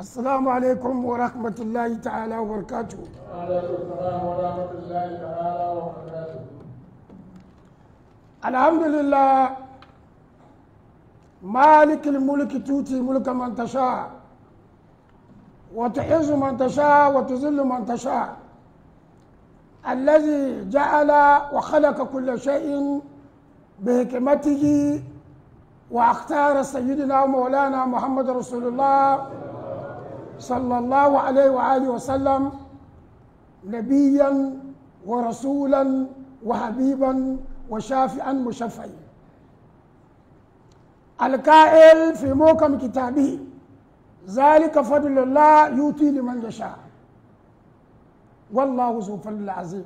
السلام عليكم ورحمة الله تعالى وبركاته وعليكم السلام ورحمة الله تعالى وبركاته الحمد لله مالك الملك توتي ملك من تشاء وتعز من تشاء وتذل من تشاء الذي جعل وخلق كل شيء بحكمته واختار سيدنا مولانا محمد رسول الله صلى الله عليه وآله وسلم نبيا ورسولا وحبيبا وشافعا مشفعا القائل في موكم كتابه ذلك فضل الله يؤتي لمن يشاء والله ذو الفضل العظيم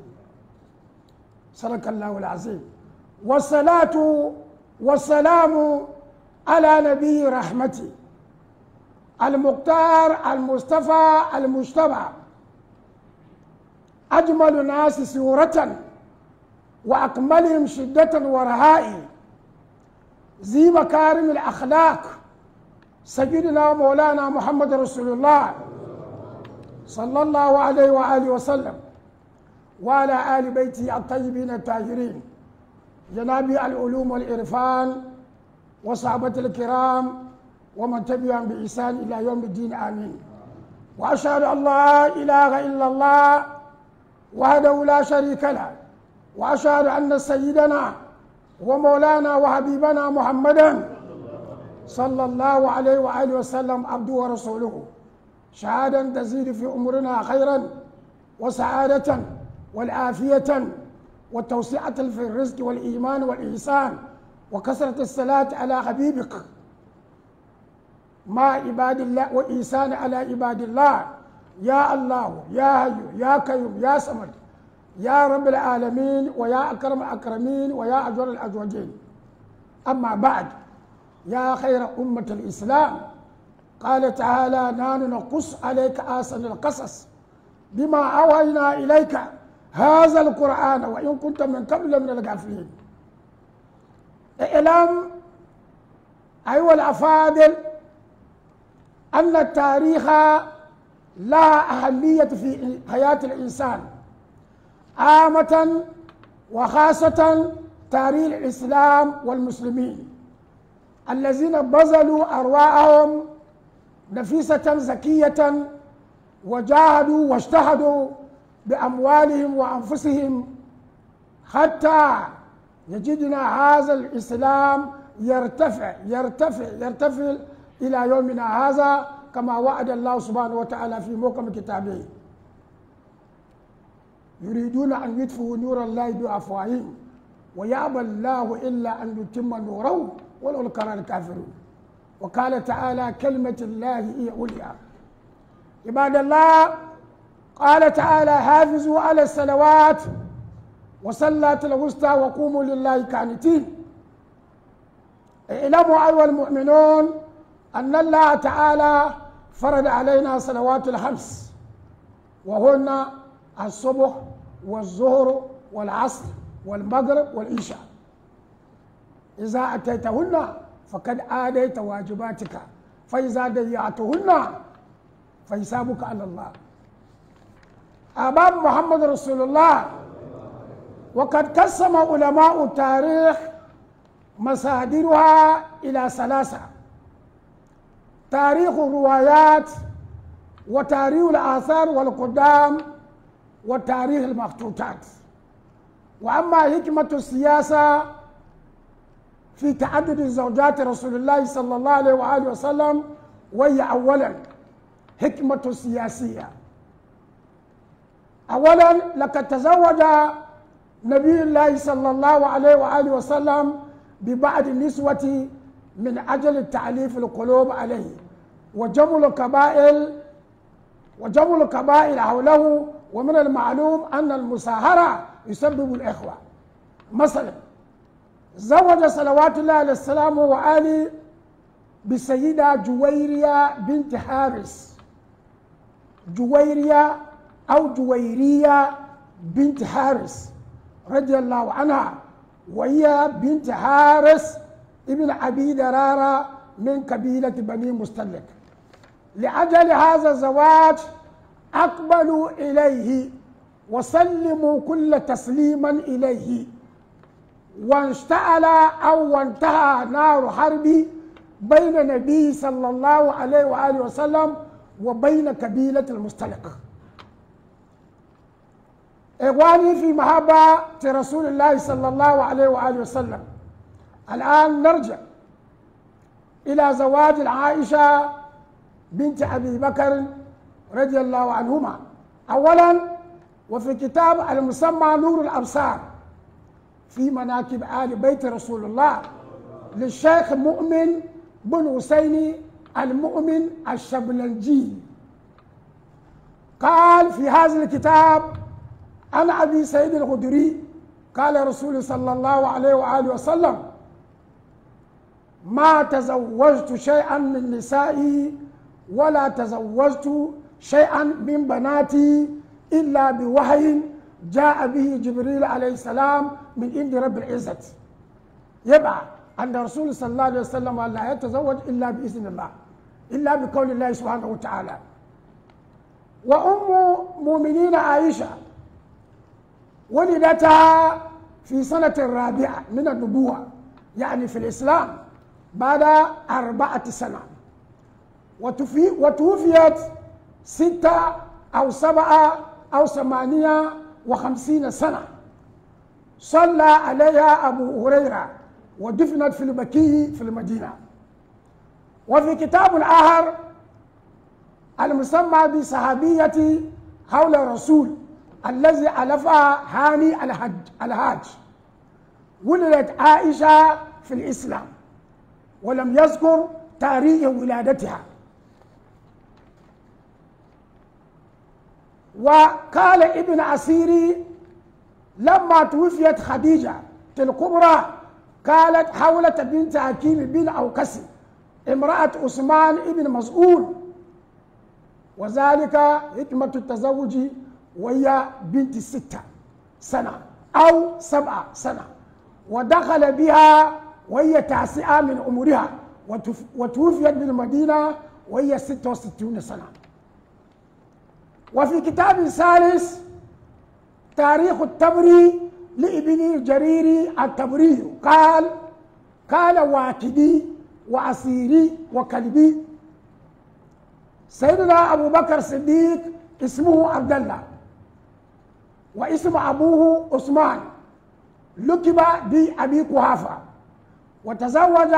صدق الله العظيم والصلاة والسلام على نبي رحمتي المختار المصطفى المجتبى أجمل الناس سورة وأكملهم شدة ورهائي ذي مكارم الأخلاق سيدنا ومولانا محمد رسول الله صلى الله عليه وآله وسلم وعلى آل بيته الطيبين التاجرين جنابي العلوم والعرفان وصحابة الكرام ومن تبعهم بإحسان إلى يوم الدين آمين وأشهد أن لا إله إلا الله وحده لا شريك له وأشهد أن سيدنا ومولانا وحبيبنا محمدا صلى الله عليه وآله وسلم عبده ورسوله شهادة تزيد في أمرنا خيرا وسعادة والعافية والتوسعة في الرزق والإيمان والإحسان وكثرة الصلاة على حبيبك مع عباد الله وإنسان على عباد الله يا الله يا هي يا كيوم يا صمد يا رب العالمين ويا أكرم الأكرمين ويا أجر الأجوجين أما بعد يا خير أمة الإسلام قال تعالى نحن نقص عليك أحسن القصص بما أوهينا إليك هذا القرآن وإن كنت من قبل من الغافلين اعلام أيها الأفاضل أن التاريخ لا أهمية في حياة الإنسان عامة وخاصة تاريخ الإسلام والمسلمين الذين بذلوا أرواحهم نفيسة زكية وجاهدوا واجتهدوا بأموالهم وأنفسهم حتى يجدنا هذا الإسلام يرتفع يرتفع يرتفع إلى يومنا هذا كما وعد الله سبحانه وتعالى في موقم كتابه يريدون أن يدفعوا نور الله بأفواههم ويأبى الله إلا أن يتم نوره ولو كره الكافرون وقال تعالى كلمة الله هي عليا عباد الله قال تعالى حافظوا على الصلوات وصلاة الوسطى وقوموا لله كانتين اعلموا أيها المؤمنون أن الله تعالى فرض علينا صلوات الخمس وهن الصبح والظهر والعصر والمغرب والعشاء إذا أتيتهن فقد آديت واجباتك فإذا ضيعتهن فحسابك على الله أمام محمد رسول الله وقد قسم علماء التاريخ مصادرها إلى ثلاثة تاريخ الروايات وتاريخ الآثار والقدام وتاريخ المخطوطات وأما حكمة السياسة في تعدد زوجات رسول الله صلى الله عليه وآله وسلم وهي أولا حكمة سياسية أولا لقد تزوج نبي الله صلى الله عليه وآله وسلم ببعض النسوة من أجل تعليف القلوب عليه وجمل كبائل وجمل كبائل حوله ومن المعلوم أن المساهرة يسبب الإخوة مثلا زوج صلوات الله عليه السلام وآله بسيدة جويرية بنت حارس جويرية أو جويرية بنت حارس رضي الله عنها وهي بنت حارس ابن أبي درارة من قبيلة بني مستلق لأجل هذا الزواج أقبلوا إليه وسلموا كل تسليما إليه واشتعل أو وانتهى نار حرب بين النبي صلى الله عليه وآله وسلم وبين قبيلة المستلق إخواني في محبة رسول الله صلى الله عليه وآله وسلم الآن نرجع إلى زواج العائشة بنت أبي بكر رضي الله عنهما أولا وفي كتاب المسمى نور الأبصار في مناكب آل بيت رسول الله للشيخ مؤمن بن حسين المؤمن الشبلنجي قال في هذا الكتاب عن أبي سعيد الخدري قال رسول صلى الله عليه وآله وسلم ما تزوجت شيئا من نسائي ولا تزوجت شيئا من بناتي إلا بوحي جاء به جبريل عليه السلام من عند رب العزة يبقى أن الرسول صلى الله عليه وسلم لا يتزوج إلا بإذن الله إلا بقول الله سبحانه وتعالى وأم مؤمنين عائشة ولدتها في سنة الرابعة من النبوة يعني في الإسلام بعد أربعة سنة وتوفيت ستة أو سبعة أو ثمانية وخمسين سنة صلى عليها أبو هريرة ودفنت في المكي في المدينة وفي كتاب آخر المسمى بصحابية حول الرسول الذي ألفها هاني الحج الحاج ولدت عائشة في الإسلام ولم يذكر تاريخ ولادتها وقال ابن عسيري لما توفيت خديجة الكبرى قالت حولة بنت حكيم بن أوكسي امرأة عثمان بن مسؤول وذلك حكمة التزوج وهي بنت ستة سنة أو سبعة سنة ودخل بها وهي تاسعة من عمرها وتوفيت بالمدينة وهي 66 سنة وفي كتاب ثالث تاريخ التبري لابن الجرير التبري قال قال واكدي وعسيري وكلبي سيدنا أبو بكر الصديق اسمه عبد الله واسم أبوه عثمان لقب بأبي قحافة وتزوج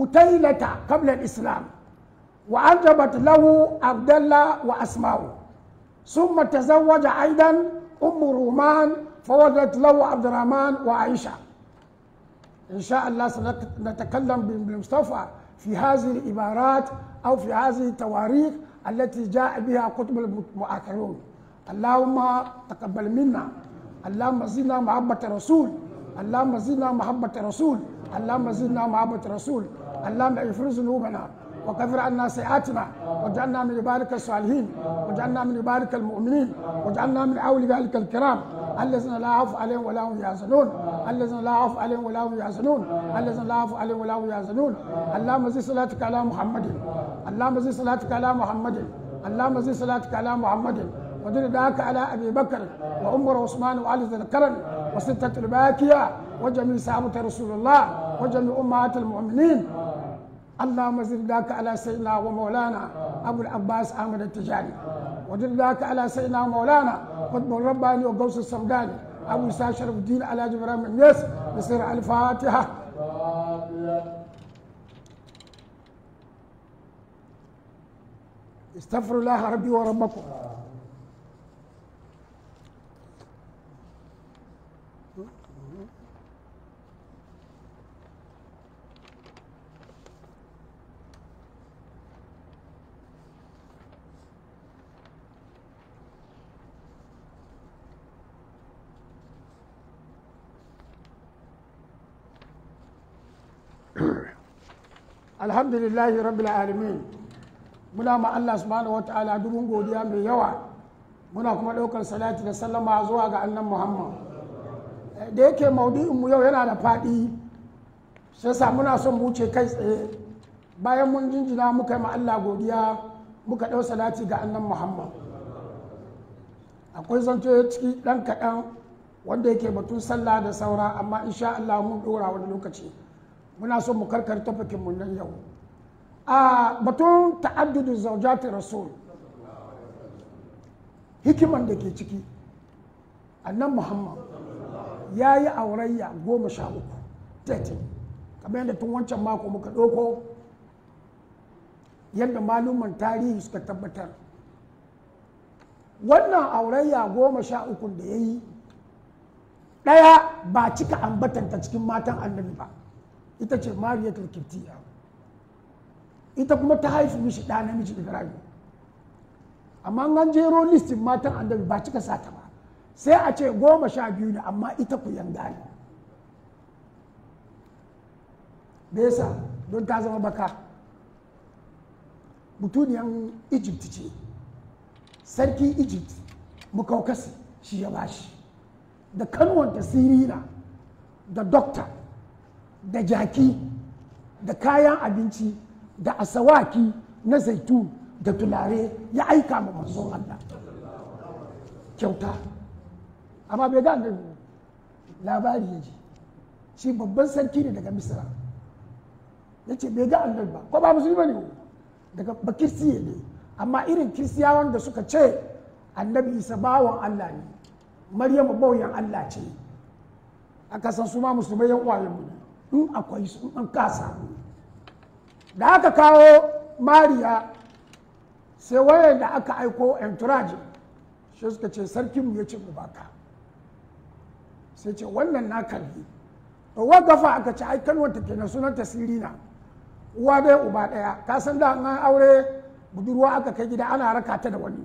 كتيلة قبل الإسلام وأنجبت له عبد الله وأسماء ثم تزوج أيضا أم رومان فوجدت له عبد الرحمن وعائشة إن شاء الله سنتكلم بمصطفى في هذه العبارات أو في هذه التواريخ التي جاء بها كتب المؤخرون اللهم تقبل منا اللهم زدنا محبة الرسول اللهم زدنا محبة الرسول اللهم زدنا محبة الرسول اللهم اغفر ذنوبنا وكفر عنا سيئاتنا وجعلنا من يبارك الصالحين وجعلنا من يبارك المؤمنين وجعلنا من اوليائك ذلك الكرام الذين لا عفو عليهم ولا هم يحزنون الذين لا عفو عليهم ولا هم يحزنون الذين لا عفو عليهم ولا هم يحزنون اللهم زد صلاتك على محمد اللهم زد صلاتك على محمد اللهم زد صلاتك على محمد ودل ذاك على ابي بكر وعمر وعثمان وعلي ذي القرن وستة الباكية وجميع صحابة رسول الله وجميع امهات المؤمنين اللهم زد ذاك على سيدنا ومولانا ابو العباس احمد التجاري ودل ذاك على سيدنا ومولانا قطب الرباني وقوس السمداني ابو يسار شرف الدين على جبران بن يس بصير الفاتحه استغفر الله ربي وربكم الحمد لله رب العالمين منا ما الله سبحانه وتعالى دوبون غوديا مي يوا منا كما دوكر صلاه وسلم على زوا محمد da yake mu yau yana da faɗi sai sa muna son wuce kai tsaye bayan mun jinjina muka yi ma Allah godiya muka ɗau salati ga annan Muhammad akwai zanto ciki ɗan kaɗan wanda yake batun sallah da saura amma insha Allah mun ɗora wani lokaci muna son mu karkar tafakin mu nan yau a batun ta'addudu zaujati rasul hikiman da ke ciki annan Muhammad ya yi aurayya goma sha uku 13 kamar yadda tun wancan mako muka ɗauko yadda maluman tarihi suka tabbatar wannan aurayya goma sha uku da ya yi ɗaya ba cika ambatanta cikin matan annabi ba ita ce mariyatul kiftiya ita kuma ta haifi mishi ɗa namiji ibrahim amma an jero listin matan annabi ba cika sata ba sai a ce goma sha biyu ne amma ita ku yan me yasa don ta zama baka mutuniyan egypt ce sarki egypt mukaukasi shi ya bashi da kanwanta sirina da dokta da jaki da kayan abinci da asawaki na zaitun da tulare ya aika ma manzon Allah kyauta amma bai ga annabi labari ya ji shi babban sarki ne daga Misira ya ce bai ga annabi ba ko ba musulmi ba ne daga ba ne amma irin kirsiyawan da suka ce annabi isa bawan allah ne maryamu bauyan allah ce a kasan su ma musulmai yan uwayen mu in akwai su an kasa da aka kawo mariya sai wayan da aka aiko entourage shi suka ce sarkinmu ya ce mu baka sai ce wannan na kalli to wakafa aka ci ai wata ta kenan sunan na. uwa dai uba daya ka san da an aure budurwa aka kai gida ana raka ta da wani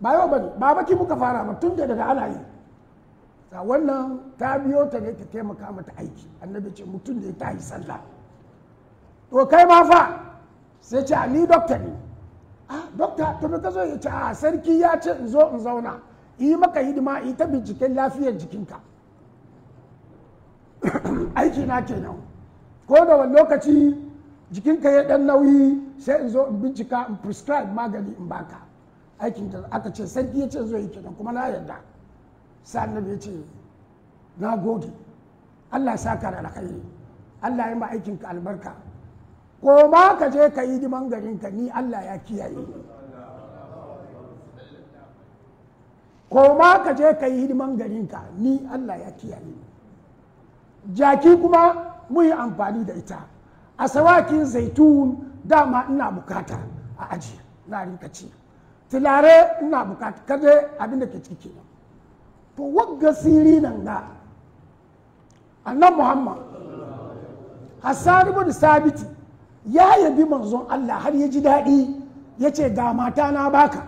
ba yau bane ba baki muka fara ba tun da daga ana yi ta wannan ta biyo ta ne ta taimaka mata aiki annabi ce mutum ne ta yi sallah to kai ma fa sai ce ni dokta ne ah dokta to me ka zo ya ce a sarki ya ce in zo in zauna yi maka hidima yi ta binciken lafiyar jikinka aiki na kenan ko da wani lokaci jikinka ya dan nauyi sai in zo in bincika in prescribe magani in baka aikin da aka ce sarki ya ce zo yi kenan kuma na yarda sannan ya ce na gode Allah sa ka da alkhairi Allah ya ma aikin ka albarka ko ma ka je ka yi diman garin ka ni Allah ya kiyaye ko ma ka je ka yi hidiman garin ka ni Allah ya kiyaye jaki kuma mun yi amfani da ita a sawakin zaitun dama ina bukata a aji na rinka ci tilare ina bukata kaje abin da ke ciki kenan to wagga siri nan na annan muhammad hassan ibn sabiti ya yabi manzon allah har ya ji daɗi ya ce ga mata na baka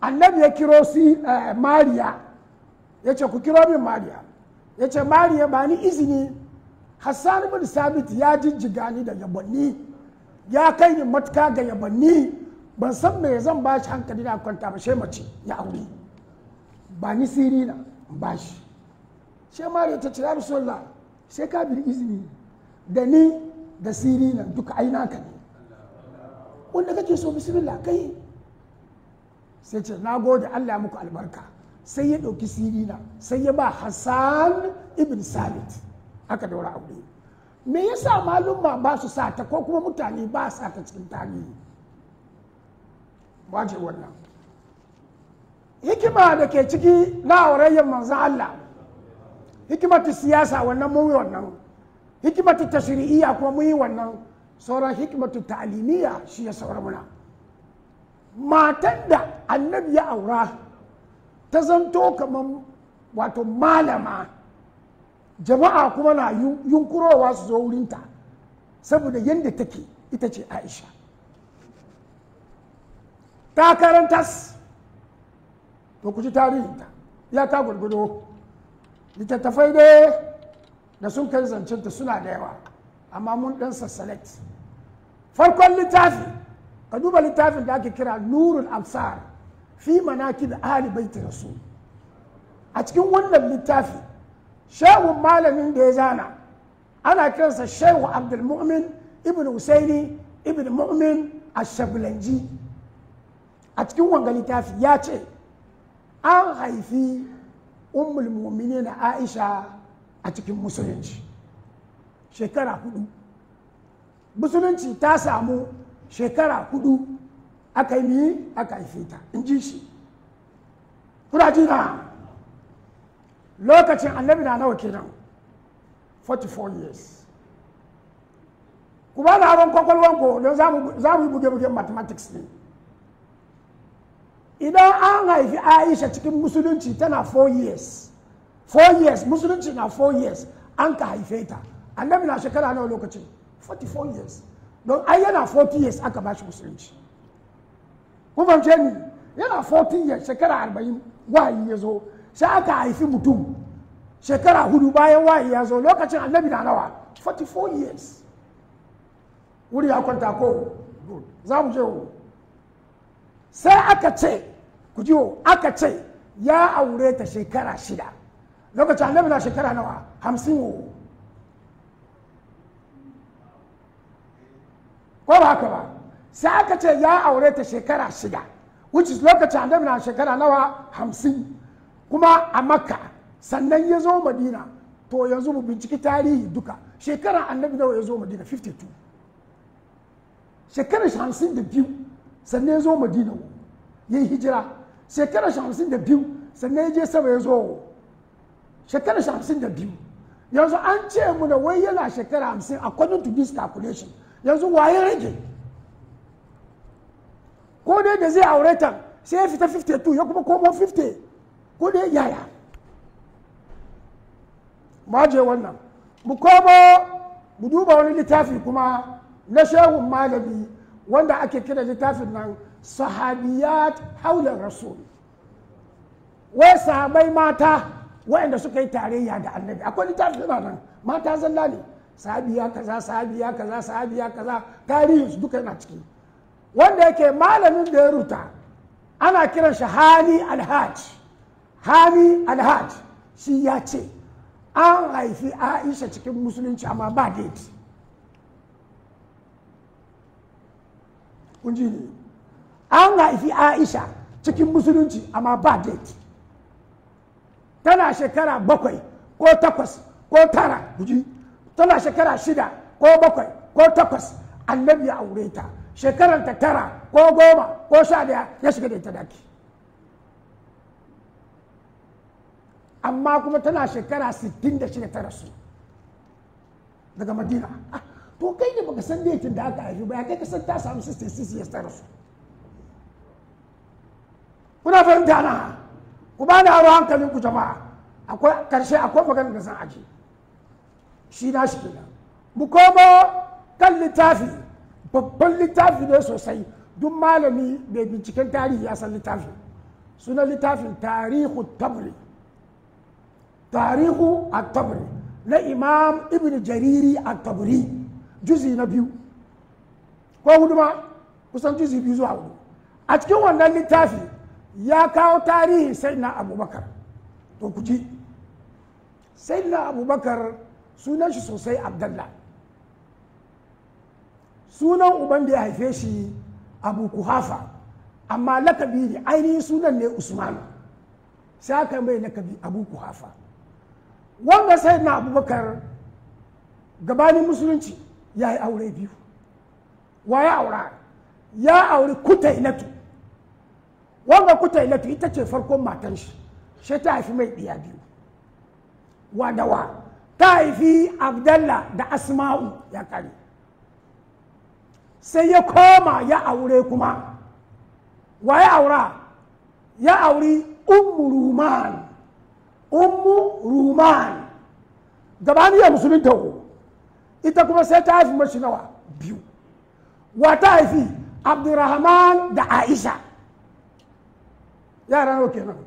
annabi ya kiro si eh, mariya ya ce ku kiro min mariya ya ce mariya ba ni izini hassan bin sabit ya jijjiga ni da yabanni ya kai ni matuka ga yabanni ban san me zan ba shi hankali na kwanta ba mace ya aure ba ni siri na ba shi she mariya ta cira rasulullah sai ka bir izini da ni da siri na duka ai naka ne wanda kake so bismillah kai sai ce na gode Allah muku albarka sai ya ɗauki sirina sai ya ba hassan ibn sabit aka daura aure me yasa malumma ba su sata ko kuma mutane ba sa ta cikin tarihi wace wannan hikima da ke ciki na aurayen manzan Allah hikimatu siyasa wannan mun yi wannan ta tashri'iyya kuma mun yi wannan sauran hikimatu ta'limiyya shi ya saura muna matan da annabi ya aura ta zanto kamar wato malama jama'a kuma na yunkurowa su zo wurinta saboda yadda take ita ce aisha ta karantas to ku ji tarihinta ya ta gurgudo littattafai dai da sun kai zancinta suna da yawa amma mun dan sassalet farkon littafi ka duba littafin da ake kira nurul amsar fi manakin ahli baiti rasul a cikin wannan littafi shehu malamin da ya zana ana kiransa shehu abdul mu'min ibn husaini ibn mu'min ashablanji a cikin wanga littafi ya ce an haifi ummul mu'mini na aisha a cikin musulunci shekara hudu musulunci ta samu shekara hudu aka yi ni aka haife ta in ji shi kuna ji na lokacin annabi na nawa kenan 44 years ku ba da abin kwakwalwan ko don za mu yi buge-bugen mathematics ne idan an haifi aisha cikin musulunci tana 4 years 4 years musulunci na 4 years an ka haife ta annabi na shekara nawa lokacin 44 years don ai yana 40 years aka ba shi musulunci kun fahimce ni yana 14 years shekara arba'in wayi ya zo sai aka haifi mutum shekara hudu bayan wayi ya zo lokacin annabi na nawa 44 years wuri ya kwanta ko za mu je wo sai aka ce ku ji aka ce ya aure ta shekara shida lokacin annabi na shekara nawa hamsin wo ko ba haka ba sai aka ce ya aure ta shekara shida which is lokacin annabi na shekara nawa hamsin kuma a makka sannan ya zo madina to yanzu mu binciki tarihi duka shekara annabi nawa ya zo madina 52 shekara hamsin da biyu sannan ya zo madina ya yi hijira shekara hamsin da biyu sannan ya je sama ya zo shekara hamsin da biyu yanzu an ce mu da wai yana shekara hamsin according to this calculation yanzu waye rage ko dai da zai aure sai ya fita 52 ya kuma komo 50 ko dai yaya maje wannan mu komo mu duba wani littafi kuma na shehun malami wanda ake kira littafin nan sahabiyat haular rasul wai sahabai mata waɗanda suka yi tarayya da annabi akwai littafi na nan mata zalla ne sahabiya kaza sahabiya kaza sahabiya kaza tarihin su duka yana ciki wanda yake malamin da ya ruta ana kiran shi hali alhaj hali alhaj shi ya ce an haifi aisha cikin musulunci amma ba date kunji ne an haifi aisha cikin musulunci amma ba date tana shekara bakwai ko takwas ko tara guji tana shekara shida ko bakwai ko takwas annabi ya aure ta shekarar ta tara ko goma ko sha daya ya shiga da ita daki amma kuma tana shekara da 66 ta rasu daga madina ah, to kai ne baka san datin da aka haifi ba ya kai kasar ta samu 66 ya ta rasu kuna fahimta na ku ba da haro hankalin ku jama'a akwai karshe akwai maganin da zan aji shi na shi kenan mu komo kan littafi babban littafi ne sosai duk malami mai binciken tarihi ya san littafin suna littafin tarihu tabri tarihu a tabri na imam ibn jariri a tabri juzi na biyu ko hudu ma kusan juzi biyu zuwa hudu a cikin wannan littafi ya kawo tarihi sai na abubakar to ku sai na abubakar sunan shi sosai abdallah sunan uban da ya haife shi abu kuhafa amma lakabi ne ainihin sunan ne usmanu sai aka mai lakabi abu kuhafa wanda sai na abubakar gabanin musulunci ya yi aure biyu wa ya aura ya auri kutainatu wanga kutainatu ita ce farkon matan shi sai ta haifi mai ɗiya biyu wadawa ta haifi abdallah da asma'u ya kare sai ya koma ya aure kuma wa ya aura ya auri ummu ruman ummu ruman gabaniyar musulun taho ita kuma sai ta haifi mashi nawa biyu wa ta haifi abdurrahman da aisha yara nawa kenan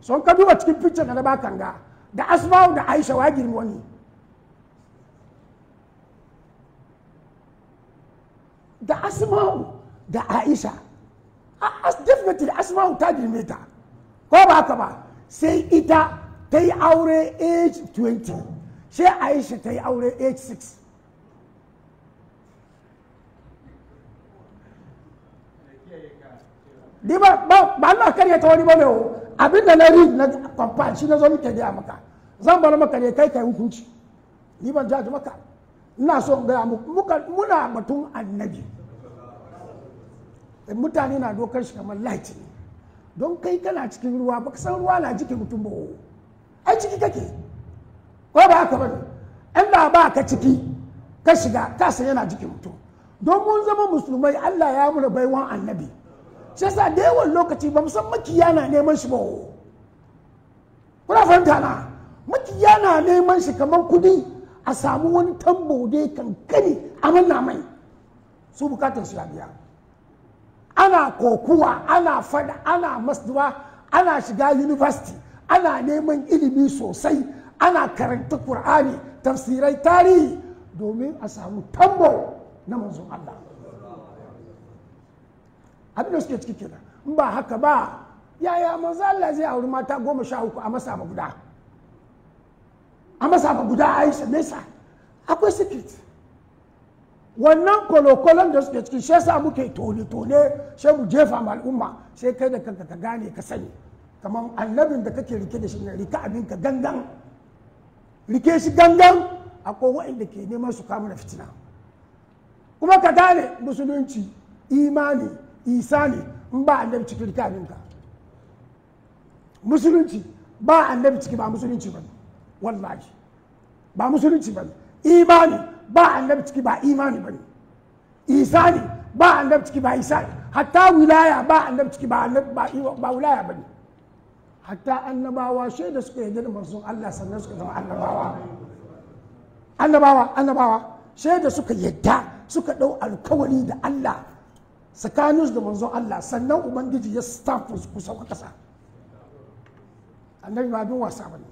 sun ka duba cikin fice da na da asma'u da aisha wa girma wani da asma'u da aisha as definitely asma'u ta girme ta ko ba ka ba sai ita ta yi aure age 20 sai aisha ta yi aure age 6 Diba, ba ba na karya ta wani ba ne abin da na read na kwamfan shi na zo nike gaya maka zan bar maka ne kai kai hukunci ni ban jaji maka ina so gaya muka muna batun annabi mutane na dokar shi kamar laki don kai kana cikin ruwa baka san ruwa na jiki mutum ba ai ciki kake ko ba haka ba in ba ba ka ciki ka shiga ka san yana jikin mutum don mun zama musulmai Allah ya mura baiwan annabi shi sa da yawan lokaci ba san makiya na neman shi ba kuna fahimta na makiya na neman shi kamar kudi a samu wani tambo dai kankani a manna mai su bukatar su ya biya ana kokuwa ana fada ana masduwa ana shiga university ana neman ilimi sosai ana karanta qur'ani tafsirai tarihi domin a samu tambo na manzon Allah abin da suke ciki kenan in ba haka ba yaya maza Allah zai auri mata goma sha uku a masa guda a masa guda Aisha sa akwai secret wannan kwalokwalon da suke ciki shi sa muke tone-tone shi mu jefa ma al'umma sai kai da kanka ka gane ka sani kamar annabin da kake rike da shi ne rike abin ka gangan rike shi gangan akwai wa'inda ke neman su kama da fitina kuma ka gane musulunci imani isa ne in ba annabi ciki rike abin ka musulunci ba annabi ciki ba musulunci ba wallahi ba musulunci ba imani ba annabi ciki ba imani bane isa ne ba annabi ciki ba isa ne hatta wilaya ba annabi ciki ba ba wilaya bane hatta annabawa shaida suka yarda da manzon Allah sannan suka zama annabawa annabawa annabawa shaida suka yadda suka dau alkawari da Allah tsakaninsu da manzon Allah sannan ubangiji ya staff su kusa kasa annabi ba abin wasa bane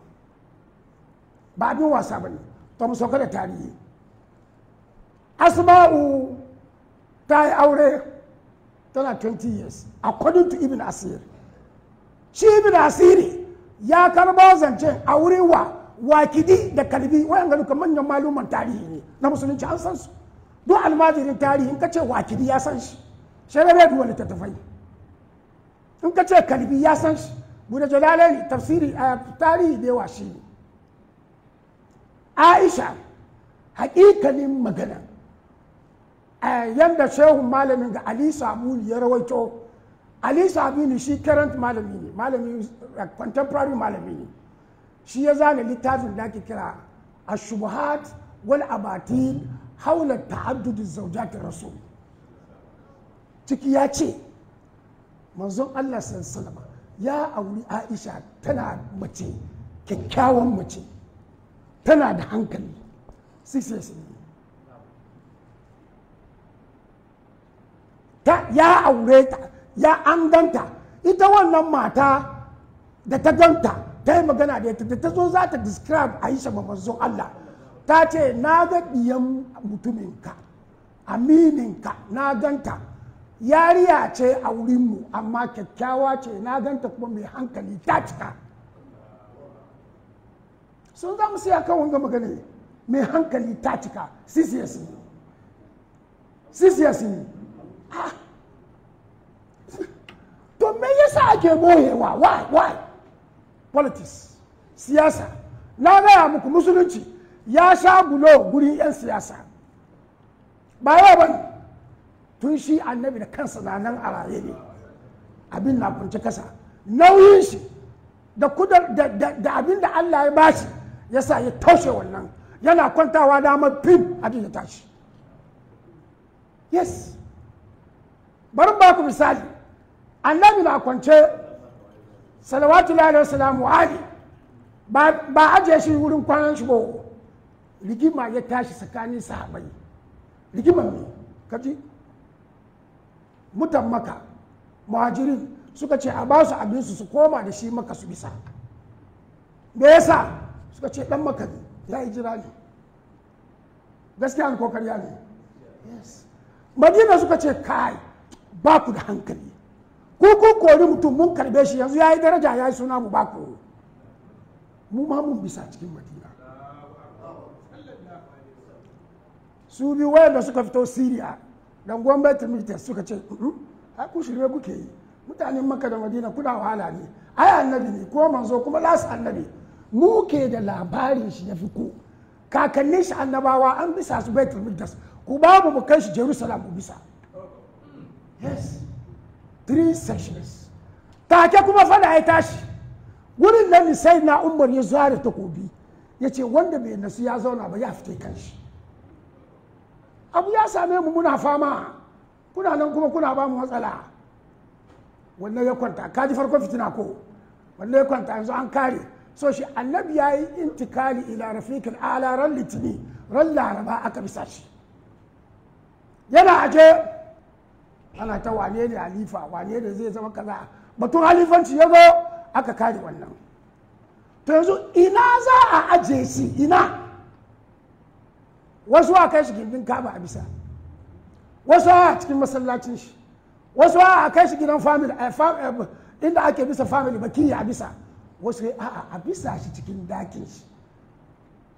ba abin wasa bane to mu sauka da tarihi asma'u ta yi aure tana 20 years according to ibn asir shi ibn asiri ya karba zance a wurin wa wakidi da kalbi wayan ga duka manyan maluman tarihi ne na musulunci an san su duk almajirin tarihi in ka ce wakidi ya san shi shararar duwa littattafai in ka ce kalbi ya san shi bude jalalai tafsiri a eh, tarihi da yawa shi aisha hakikalin magana Eh, yadda shehun malamin ga ali sabuni ya rawaito ali ne shi current malami ne malami eh, contemporary malami ne shi ya zana littafin da ake kira ashubuhat wal abati haula ta'addudin ta rasu ciki ya ce manzon Allah salama ya auri Aisha tana mace kyakkyawan mace tana da hankali sai sai ta ya aure ta ya an ganta ita wannan mata da ta ganta ta yi magana da ita da ta zo za ta describe aisha manzon Allah ta ce na ga ɗiyan mutuminka amininka na ganta yariya ce a wurinmu amma kyakkyawa ce na ganta kuma mai hankali ta cika sun za mu siya kan wanga magana mai hankali ta cika sisiyasi ne to me sa ake wa why why politics siyasa na gaya muku musulunci ya sha gulo gurin 'yan siyasa ba yawa ba tun shi annabi da kansa na nan a raye ne abin na kunci kasa nauyin shi da abin da Allah ya bashi ya sa ya taushe wannan yana kwantawa damar fim abin da tashi yes bari ba ku misali annabi na kwance salawatu lalai salamu ali ba ajiye shi wurin kwanan shi ba rigima ya tashi tsakanin sahabai rigima ne kaji mutan maka muhajirin suka ce a ba su abinsu su koma da shi maka su bisa me yasa suka ce dan maka ne ya yi jira ne gaskiya ko karya ne madina suka ce kai ba ku da hankali ko ko kori mutum mun karbe shi yanzu ya yi daraja ya yi suna mu ba ku mu ma mun bisa cikin madina su biyu wayanda suka fito siriya dan gwamnatin militar suka ce ai ku shirye kuke yi mutanen maka da madina kuna wahala ne ai annabi ne ko manzo kuma lasu annabi mu ke da labarin shi ya fi ku kakannin shi annabawa an bisa su baitul ku babu mu kai shi jerusalem mu bisa yes three sections take kuma fada ya tashi wurin nan sai na umar ya zuwa da takobi ya ce wanda bai nasu ya zauna ba ya fita kanshi abu ya same mu muna fama kuna nan kuma kuna ba mu matsala wannan ya kwanta ka ji farkon fitina ko wannan ya kwanta yanzu an kare so shi annabi ya yi intikali ila rafikin ala ran litini ran laraba aka bisa shi yana aje ana ta wane ne halifa wane ne zai zama kaza batun halifanci ya zo aka kare wannan to yanzu ina za a aje shi ina wasu a kai shi gindin kaba a bisa wasu a cikin masallacin shi wasu a kai shi gidan family eh, eh, inda ake bisa family baki a bisa wasu a a bisa shi cikin dakin shi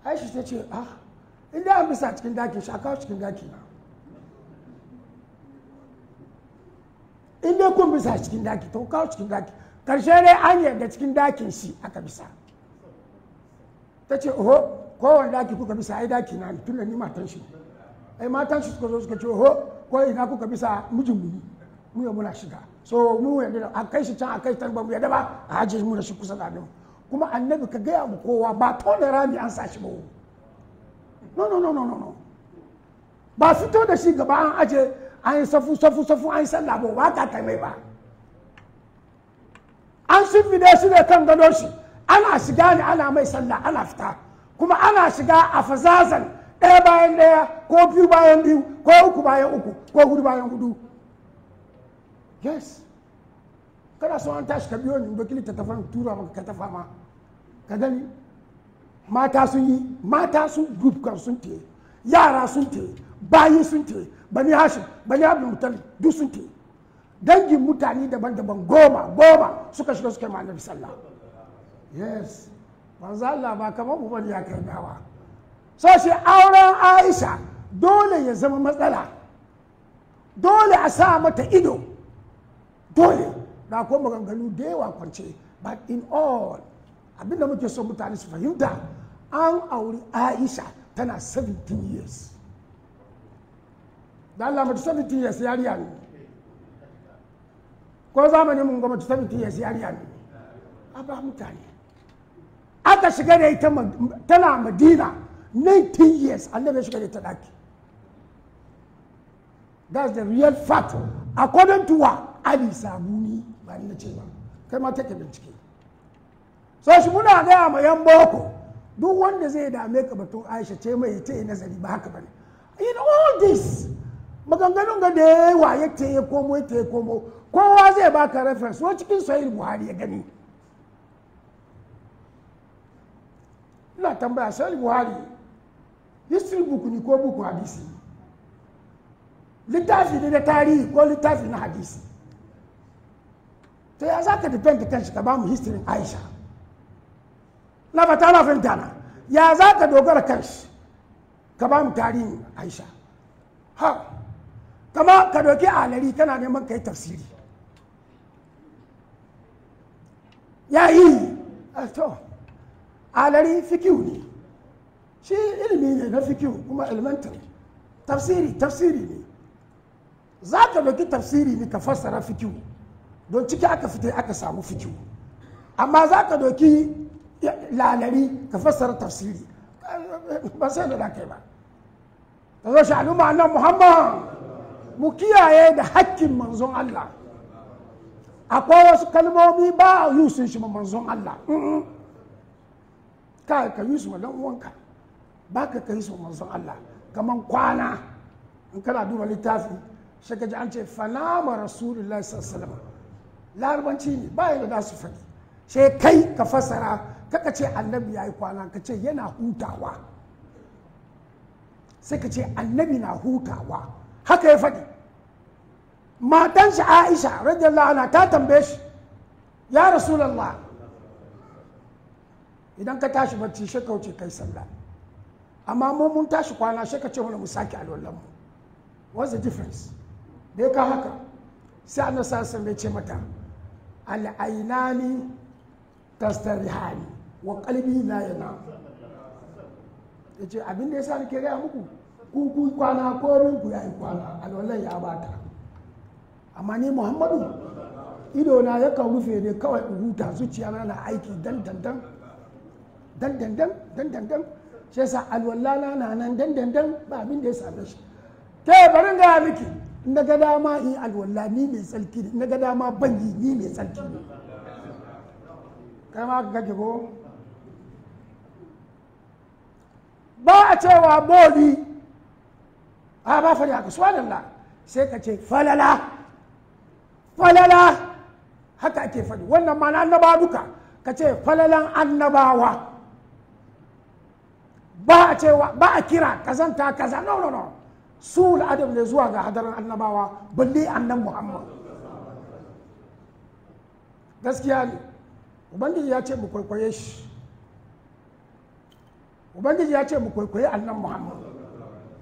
aishi ta ce ah inda a bisa cikin dakin shi a kawo cikin dakin na in dai kun bisa cikin daki to kawo cikin daki karshe ne an yarda cikin dakin shi aka bisa ta ce oho kowane daki kuka bisa ai daki na ne tun ni matan shi ai matan shi suka zo suka ce oho ko ina kuka bisa mijin mu mu ya muna shiga so mu ya da a kai shi can a kai can ba mu ya daba a hajji mu da shi kusa da mu kuma annabi ka gaya mu kowa ba tona rami an sa shi ba no no no no no ba fito da shi gaba an aje an yi safu safu safu an yi sallah ba waka ta mai ba an shimfide shi ne kan gado shi ana shiga ne ana mai sallah ana fita kuma ana shiga a fasazan ɗaya bayan ɗaya ko biyu bayan biyu ko uku bayan uku ko hudu bayan hudu yes kana so an tashi ka biyo ni bakili ta tafa tura maka ka tafa ma ka gani mata sun yi mata sun group kan sun tiye yara sun tire bayi sun tire bani hashim bani abin mutalib duk sun tire dangin mutane daban-daban goma goma suka shiga suka ma annabi sallah yes manzo Allah ba kamar uban ya karbawa so shi auren Aisha dole ya zama matsala dole a sa mata ido dole da ko maganganu da yawa kwance but in all abinda muke so mutane su fahimta an auri Aisha tana 17 years da Allah mace 17 years yariya ne ko zamani mun ga mace 17 years yariya ne a ba mutane aka shiga da ita tana madina 19 years annabi shiga da ita daki that's the real fact according to wa ali sabuni ba ni na ce ba kai ma take bincike so shi muna ga ma yan boko duk wanda zai dame ka batun aisha ce mai ta yi nazari ba haka bane in all this maganganun ga da yawa ya ta ya komo ya ta ya komo kowa zai baka reference wa cikin sahih buhari ya gani ina tambaya sahih buhari history book ni ko buku hadisi littafi ne na tarihi ko littafi na hadisi to ya za ka depend kan shi ka ba mu history aisha na fata na fahimta na ya za ka dogara kanshi ka ba mu tarihin aisha ha kama ka doki alari kana neman ka yi tafsiri ya yi to alari fikiyu ne shi ilimi ne na fikiyu kuma elementary tafsiri tafsiri ne za ka doki tafsiri ne ka fassara fikiyu don ciki aka fita aka samu fikiyu amma za ka doki lalari ka fassara tafsiri ba sai da kai ba ta zo shi al'umma muhammad mu kiyaye da hakkin manzon Allah akwai wasu kalmomi ba a yi sun shi manzon Allah ka ka yi su ma uwanka ba ka kai su manzon Allah kaman kwana in kana duba littafi shaka ji an ce fanama rasulullahi sallallahu alaihi wasallam larabanci ne ba yadda za su faɗi sai kai ka fasara kaka ce annabi ya yi kwana ka ce yana hutawa sai ka ce annabi na hutawa haka ya faɗi matan shi aisha radiyallahu anha ta tambaye shi ya rasu rasulallah idan ka tashi barci shi wuce kai sallah amma mu mun tashi kwana shi ka ce mana mu sake mu what's the difference dai ka haka sai an sallallahu alaihi wasallam ce mata al'ainani tastarihani wa kalbi la yana yace abin da yasa nake gaya muku ku ku kwana ko min ku yayi kwana alwallan ya bata amma ni muhammadu ido na ya kan rufe ne kawai in huta zuciya na na aiki dan dan dan dan dan dan dan dan dan shi yasa na nan dan dan ba abin da ya same shi ta bari ga miki na ga dama in alwalla ni mai tsarki ne na ga dama ban ni mai tsarki ne kai ma ka gaje ko ba a cewa boli a ba fari haka subhanallah sai ka ce falala falala haka ake faɗi wannan ma na annaba duka ka ce falalan annabawa ba a cewa ba a kira kazanta kaza no no no su adam ne zuwa ga hadarin annabawa balle annan muhammad gaskiya ne ubangiji ya ce mu kwaikwaye shi ubangiji ya ce mu kwaikwayi annan muhammad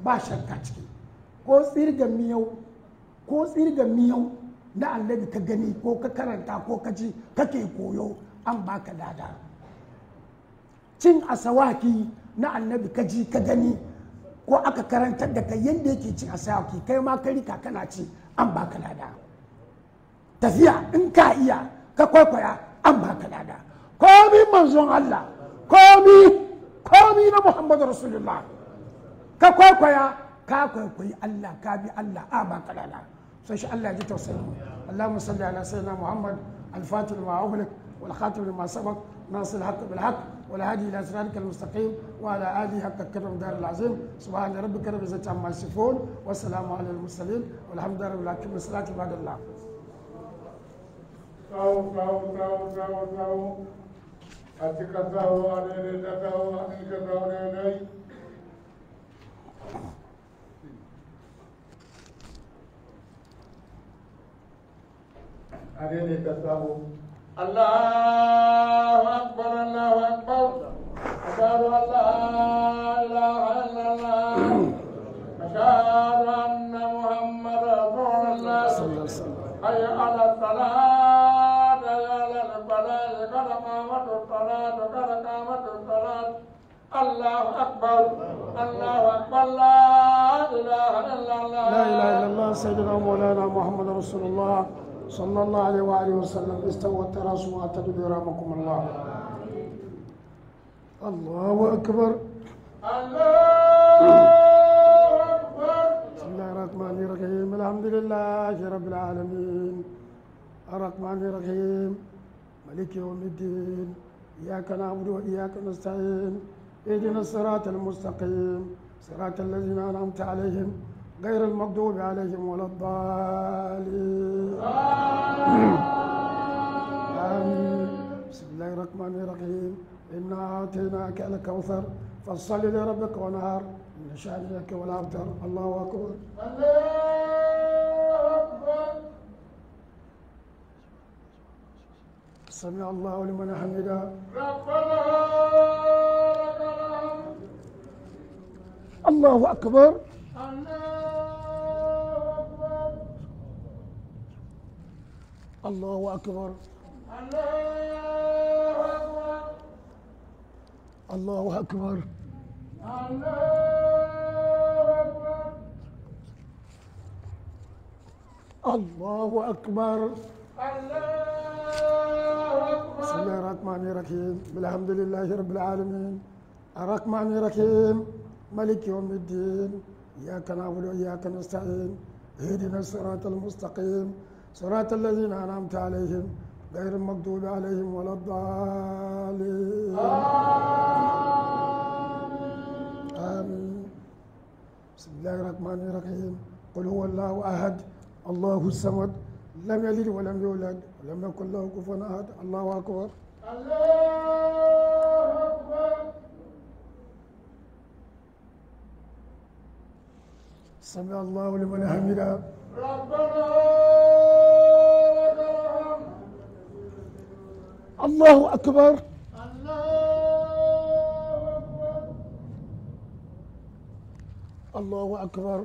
ba shakka ciki ko tsirga miyau ko tsirga miyau na annabi ka gani ko ka karanta ko ka ji kake koyo an baka dada cin asawaki na annabi ka ji ka gani ko aka karantar da kai yadda yake cin asawaki kai ma ka rika kana ci an baka dada tafiya in ka iya ka kwaikwaya an baka dada komi manzon Allah komi أمين محمد رسول الله كاكوي كويا كاكوي كوي الله كابي الله أبا كلالا سيش الله جيت اللهم صل على سيدنا محمد الفاتح لما أغلق والخاتم لما سبق ناصر الحق بالحق والهادي إلى صراطك المستقيم وعلى آله حق كرم دار العظيم سبحان ربك رب العزة عما يصفون والسلام على المرسلين والحمد لله رب العالمين والصلاة بعد الله. ati katahu anene natahu anene katahu anene anene katahu الله أكبر الله أكبر أشهد أن لا إله إلا الله أشهد أن محمدا رسول الله حي على الصلاة الله أكبر الله أكبر لا إله إلا الله سيدنا مولانا محمد رسول الله صلى الله عليه وآله وسلم استوى التراس واعتدوا برامكم الله الله أكبر الله أكبر بسم الله الرحمن الرحيم الحمد لله رب العالمين الرحمن الرحيم ملك يوم الدين إياك نعبد وإياك نستعين اهدنا الصراط المستقيم صراط الذين أنعمت عليهم غير المغضوب عليهم ولا الضالين آمين بسم الله الرحمن الرحيم إنا أعطيناك الكوثر فصل لربك ونهار من شأنك والأبتر الله أكبر الله أكبر سمع الله لمن حمده ربنا لك الحمد الله أكبر الله أكبر الله أكبر الله أكبر الله أكبر الله الله الرحمن الرحيم الحمد لله رب العالمين الرحمن الرحيم ملك يوم الدين إياك نعبد وإياك نستعين اهدنا الصراط المستقيم صراط الذين أنعمت عليهم غير المغضوب عليهم ولا الضالين آمين. بسم الله الرحمن الرحيم قل هو الله أحد الله الصمد لم يلد ولم يولد ولم يكن له كفوا احد الله اكبر الله اكبر سمع الله لمن حمده ربنا لك الحمد الله اكبر الله اكبر الله اكبر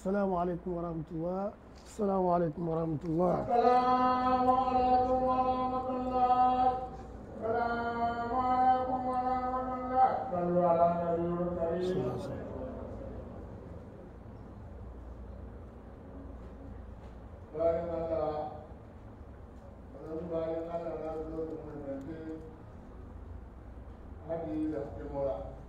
السلام عليكم ورحمة الله السلام عليكم ورحمة الله السلام عليكم ورحمة الله السلام عليكم ورحمة الله صلوا على النبي الكريم بارك الله بارك الله بارك الله حديث احتمالات